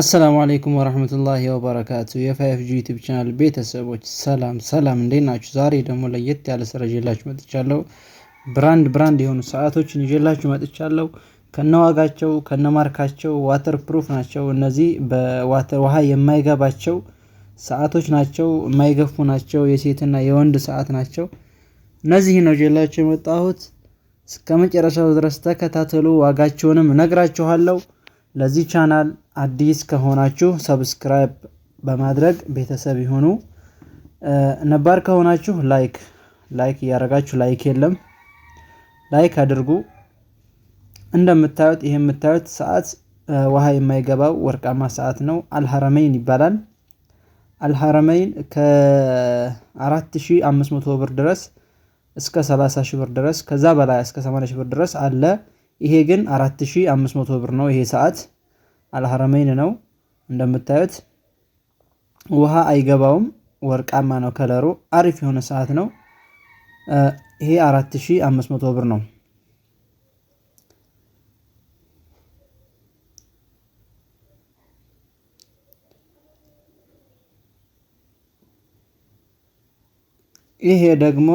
አሰላሙ አለይኩም ወረህመቱላሂ ወበረካቱ የፋይፍ ጂ ዩቲብ ቻናል ቤተሰቦች ሰላም ሰላም፣ እንዴት ናችሁ? ዛሬ ደግሞ ለየት ያለ ስራ ይዤላችሁ መጥቻለሁ። ብራንድ ብራንድ የሆኑ ሰዓቶችን ይዤላችሁ መጥቻለሁ። ከነዋጋቸው ከነማርካቸው ዋተር ፕሩፍ ናቸው። እነዚህ በዋተር ውሃ የማይገባቸው ሰዓቶች ናቸው። የማይገፉ ናቸው። የሴትና የወንድ ሰዓት ናቸው። እነዚህ ነው ይዤላችሁ የመጣሁት። እስከ መጨረሻው ድረስ ተከታተሉ። ዋጋቸውንም ነግራችኋለሁ። ለዚህ ቻናል አዲስ ከሆናችሁ ሰብስክራይብ በማድረግ ቤተሰብ ይሁኑ። ነባር ከሆናችሁ ላይክ ላይክ እያደረጋችሁ ላይክ የለም ላይክ አድርጉ። እንደምታዩት ይሄ የምታዩት ሰዓት ውሃ የማይገባው ወርቃማ ሰዓት ነው። አልሐረመይን ይባላል። አልሐረመይን ከ4500 ብር ድረስ እስከ 30 ሺህ ብር ድረስ ከዛ በላይ እስከ 80 ሺህ ብር ድረስ አለ። ይሄ ግን 4500 ብር ነው። ይሄ ሰዓት አልሐረመይን ነው እንደምታዩት፣ ውሃ አይገባውም። ወርቃማ ነው ከለሩ፣ አሪፍ የሆነ ሰዓት ነው። ይሄ 4500 ብር ነው። ይሄ ደግሞ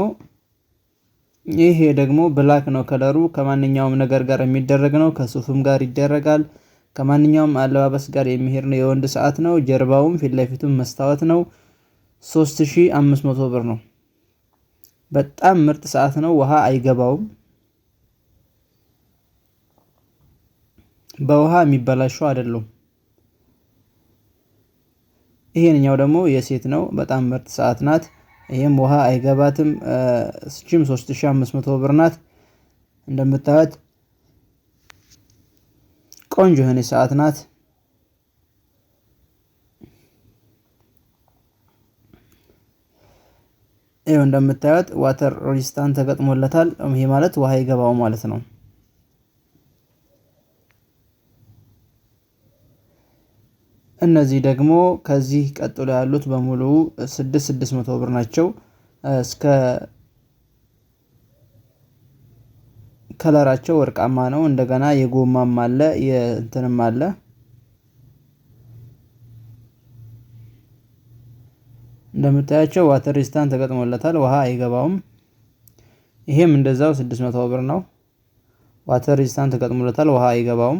ይሄ ደግሞ ብላክ ነው ከለሩ። ከማንኛውም ነገር ጋር የሚደረግ ነው። ከሱፍም ጋር ይደረጋል። ከማንኛውም አለባበስ ጋር የሚሄድ ነው። የወንድ ሰዓት ነው። ጀርባውም ፊት ለፊቱም መስታወት ነው። 3500 ብር ነው። በጣም ምርጥ ሰዓት ነው። ውሃ አይገባውም። በውሃ የሚበላሹ አይደሉም። ይሄንኛው ደግሞ የሴት ነው። በጣም ምርጥ ሰዓት ናት። ይህም ውሃ አይገባትም። ስችም 3500 ብር ናት። እንደምታዩት ቆንጆ የሆነ ሰዓት ናት። ይኸው እንደምታዩት ዋተር ሪስታንት ተገጥሞለታል። ይሄ ማለት ውሃ ይገባው ማለት ነው። እነዚህ ደግሞ ከዚህ ቀጥሎ ያሉት በሙሉ 6600 ብር ናቸው። እስከ ከለራቸው ወርቃማ ነው። እንደገና የጎማም አለ የእንትንም አለ። እንደምታያቸው ዋተር ሪስታንት ተገጥሞለታል፣ ውሃ አይገባውም። ይሄም እንደዛው 600 ብር ነው። ዋተር ሪስታንት ተገጥሞለታል፣ ውሃ አይገባውም።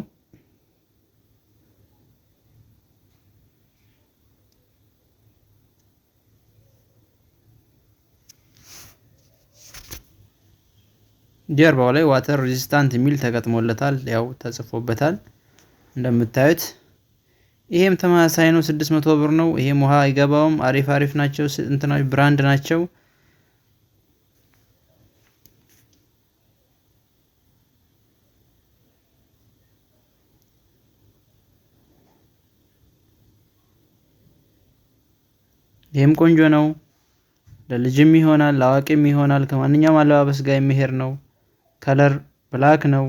ጀርባው ላይ ዋተር ሬዚስታንት የሚል ተገጥሞለታል። ያው ተጽፎበታል እንደምታዩት። ይሄም ተመሳሳይ ነው፣ 600 ብር ነው። ይሄም ውሃ አይገባውም። አሪፍ አሪፍ ናቸው፣ እንትናች ብራንድ ናቸው። ይህም ቆንጆ ነው። ለልጅም ይሆናል ለአዋቂም ይሆናል። ከማንኛውም አለባበስ ጋር የሚሄድ ነው። ከለር ብላክ ነው።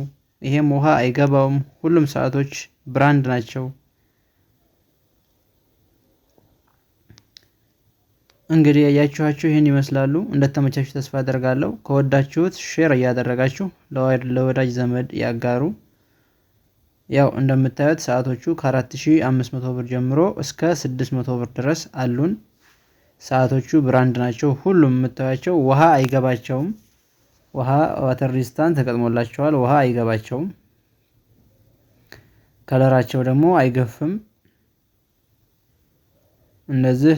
ይሄም ውሃ አይገባውም። ሁሉም ሰዓቶች ብራንድ ናቸው። እንግዲህ ያያችኋችሁ ይህን ይመስላሉ። እንደተመቻችሁ ተስፋ አደርጋለሁ። ከወዳችሁት ሼር እያደረጋችሁ ለወዳጅ ዘመድ ያጋሩ። ያው እንደምታዩት ሰዓቶቹ ከ4500 ብር ጀምሮ እስከ 600 ብር ድረስ አሉን። ሰዓቶቹ ብራንድ ናቸው። ሁሉም የምታዩቸው ውሃ አይገባቸውም። ውሃ ዋተር ሪስታንት ተገጥሞላቸዋል ውሃ አይገባቸውም። ከለራቸው ደግሞ አይገፍም። እነዚህ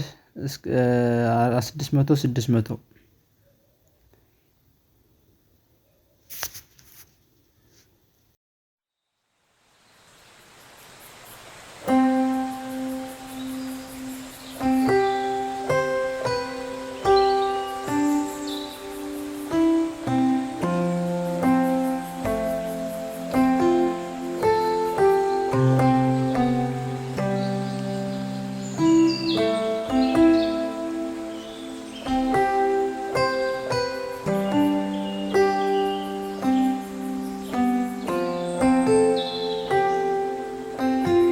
ስድስት መቶ ስድስት መቶ